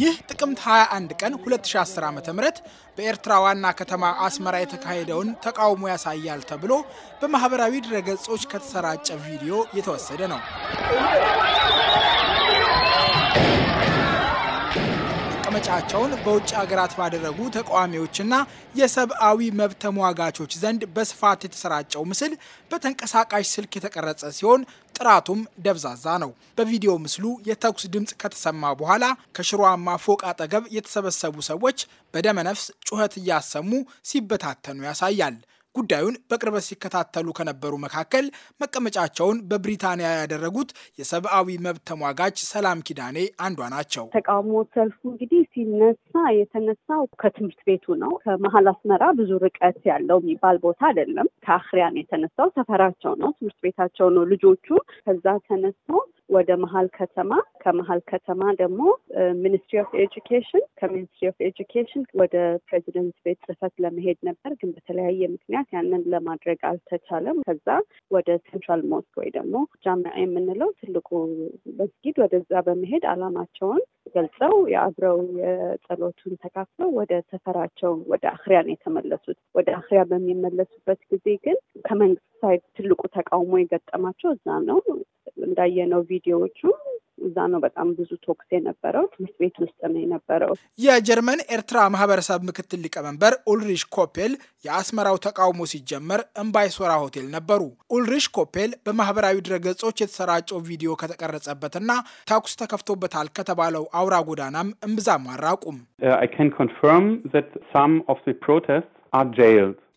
ይህ ጥቅምት 21 ቀን 2010 ዓ ም በኤርትራ ዋና ከተማ አስመራ የተካሄደውን ተቃውሞ ያሳያል ተብሎ በማኅበራዊ ድረገጾች ከተሰራጨ ቪዲዮ የተወሰደ ነው። መቀመጫቸውን በውጭ ሀገራት ባደረጉ ተቃዋሚዎችና የሰብአዊ መብት ተሟጋቾች ዘንድ በስፋት የተሰራጨው ምስል በተንቀሳቃሽ ስልክ የተቀረጸ ሲሆን ጥራቱም ደብዛዛ ነው። በቪዲዮ ምስሉ የተኩስ ድምፅ ከተሰማ በኋላ ከሽሯማ ፎቅ አጠገብ የተሰበሰቡ ሰዎች በደመነፍስ ጩኸት እያሰሙ ሲበታተኑ ያሳያል። ጉዳዩን በቅርበት ሲከታተሉ ከነበሩ መካከል መቀመጫቸውን በብሪታንያ ያደረጉት የሰብአዊ መብት ተሟጋች ሰላም ኪዳኔ አንዷ ናቸው። ተቃውሞ ሰልፉ እንግዲህ ሲነሳ የተነሳው ከትምህርት ቤቱ ነው። ከመሀል አስመራ ብዙ ርቀት ያለው የሚባል ቦታ አይደለም። ከአክሪያን የተነሳው ሰፈራቸው ነው፣ ትምህርት ቤታቸው ነው ልጆቹ። ከዛ ተነስተው ወደ መሀል ከተማ ከመሀል ከተማ ደግሞ ሚኒስትሪ ኦፍ ኤጁኬሽን ከሚኒስትሪ ኦፍ ኤጁኬሽን ወደ ፕሬዚደንት ቤት ጽህፈት ለመሄድ ነበር፣ ግን በተለያየ ምክንያት ምክንያት ያንን ለማድረግ አልተቻለም። ከዛ ወደ ሴንትራል ሞስክ ወይ ደግሞ ጃሚያ የምንለው ትልቁ መስጊድ ወደዛ በመሄድ አላማቸውን ገልጸው የአብረው የጸሎቱን ተካፍለው ወደ ሰፈራቸው ወደ አክሪያ ነው የተመለሱት። ወደ አክሪያ በሚመለሱበት ጊዜ ግን ከመንግስት ሳይድ ትልቁ ተቃውሞ የገጠማቸው እዛ ነው። እንዳየነው ቪዲዮዎቹ እዛ ነው በጣም ብዙ ቶክስ የነበረው። ትምህርት ቤት ውስጥ ነው የነበረው። የጀርመን ኤርትራ ማህበረሰብ ምክትል ሊቀመንበር ኡልሪሽ ኮፔል የአስመራው ተቃውሞ ሲጀመር እምባይሶራ ሆቴል ነበሩ። ኡልሪሽ ኮፔል በማህበራዊ ድረገጾች የተሰራጨው ቪዲዮ ከተቀረጸበትና ተኩስ ተከፍቶበታል ከተባለው አውራ ጎዳናም እምብዛም አራቁም። uh,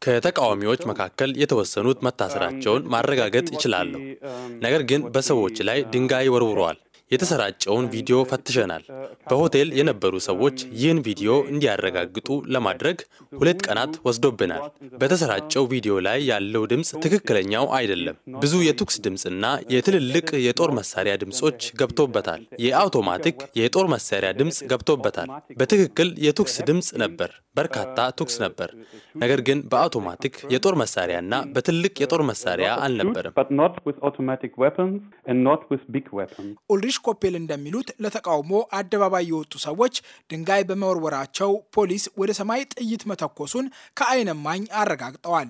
ከተቃዋሚዎች መካከል የተወሰኑት መታሰራቸውን ማረጋገጥ ይችላለሁ። uh, um, ነገር ግን በሰዎች ላይ ድንጋይ ወርውረዋል። የተሰራጨውን ቪዲዮ ፈትሸናል። በሆቴል የነበሩ ሰዎች ይህን ቪዲዮ እንዲያረጋግጡ ለማድረግ ሁለት ቀናት ወስዶብናል። በተሰራጨው ቪዲዮ ላይ ያለው ድምፅ ትክክለኛው አይደለም። ብዙ የቱክስ ድምፅና የትልልቅ የጦር መሳሪያ ድምፆች ገብቶበታል። የአውቶማቲክ የጦር መሳሪያ ድምፅ ገብቶበታል። በትክክል የቱክስ ድምፅ ነበር። በርካታ ተኩስ ነበር። ነገር ግን በአውቶማቲክ የጦር መሳሪያና በትልቅ የጦር መሳሪያ አልነበርም። ኡልሪሽ ኮፔል እንደሚሉት ለተቃውሞ አደባባይ የወጡ ሰዎች ድንጋይ በመወርወራቸው ፖሊስ ወደ ሰማይ ጥይት መተኮሱን ከአይነማኝ አረጋግጠዋል።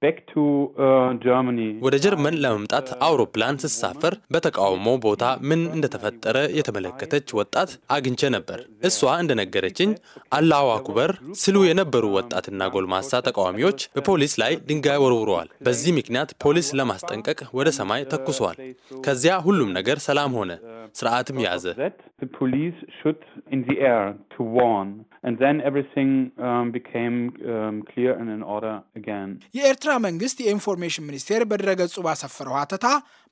Uh, ወደ ጀርመን ለመምጣት አውሮፕላን ስሳፈር በተቃውሞ ቦታ ምን እንደተፈጠረ የተመለከተች ወጣት አግኝቼ ነበር። እሷ እንደነገረችኝ አላሁ ስሉ የነበሩ ወጣትና ጎልማሳ ተቃዋሚዎች በፖሊስ ላይ ድንጋይ ወርውረዋል። በዚህ ምክንያት ፖሊስ ለማስጠንቀቅ ወደ ሰማይ ተኩሷል። ከዚያ ሁሉም ነገር ሰላም ሆነ። ስርዓትም ያዘ። um, um, የኤርትራ መንግስት የኢንፎርሜሽን ሚኒስቴር በድረገጹ ባሰፈረው ሀተታ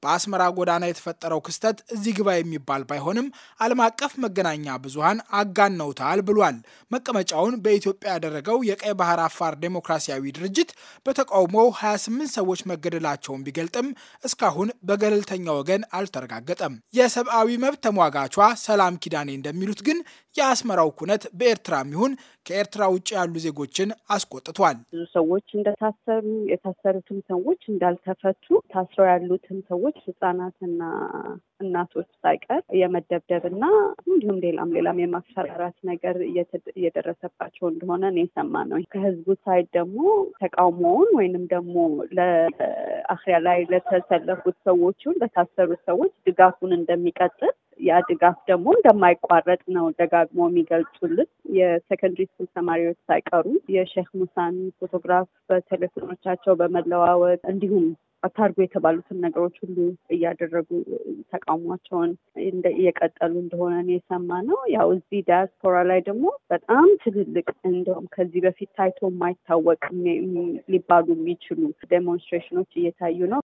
በአስመራ ጎዳና የተፈጠረው ክስተት እዚህ ግባ የሚባል ባይሆንም ዓለም አቀፍ መገናኛ ብዙሃን አጋነውታል ብሏል። መቀመጫውን በኢትዮጵያ ያደረገው የቀይ ባህር አፋር ዴሞክራሲያዊ ድርጅት በተቃውሞው 28 ሰዎች መገደላቸውን ቢገልጥም እስካሁን በገለልተኛ ወገን አልተረጋገጠም። የሰብአዊ የሰብአዊ መብት ተሟጋቿ ሰላም ኪዳኔ እንደሚሉት ግን የአስመራው ኩነት በኤርትራም ይሁን ከኤርትራ ውጭ ያሉ ዜጎችን አስቆጥቷል። ብዙ ሰዎች እንደታሰሩ የታሰሩትም ሰዎች እንዳልተፈቱ ታስረው ያሉትም ሰዎች ህጻናትና እናቶች ሳይቀር የመደብደብ እና እንዲሁም ሌላም ሌላም የማስፈራራት ነገር እየደረሰባቸው እንደሆነ ነው ነው። ከህዝቡ ሳይድ ደግሞ ተቃውሞውን ወይንም ደግሞ ለአክሪያ ላይ ለተሰለፉት ሰዎችን ለታሰሩት ሰዎች ድጋፉን እንደሚቀጥል ያ ድጋፍ ደግሞ እንደማይቋረጥ ነው ደጋግሞ የሚገልጹልን። የሰከንድሪ ስኩል ተማሪዎች ሳይቀሩ የሼክ ሙሳን ፎቶግራፍ በቴሌፎኖቻቸው በመለዋወጥ እንዲሁም አታርጎ የተባሉትን ነገሮች ሁሉ እያደረጉ ተቃውሟቸውን እየቀጠሉ እንደሆነ ነው የሰማ ነው። ያው እዚህ ዲያስፖራ ላይ ደግሞ በጣም ትልልቅ እንደውም ከዚህ በፊት ታይቶ የማይታወቅ ሊባሉ የሚችሉ ዴሞንስትሬሽኖች እየታዩ ነው።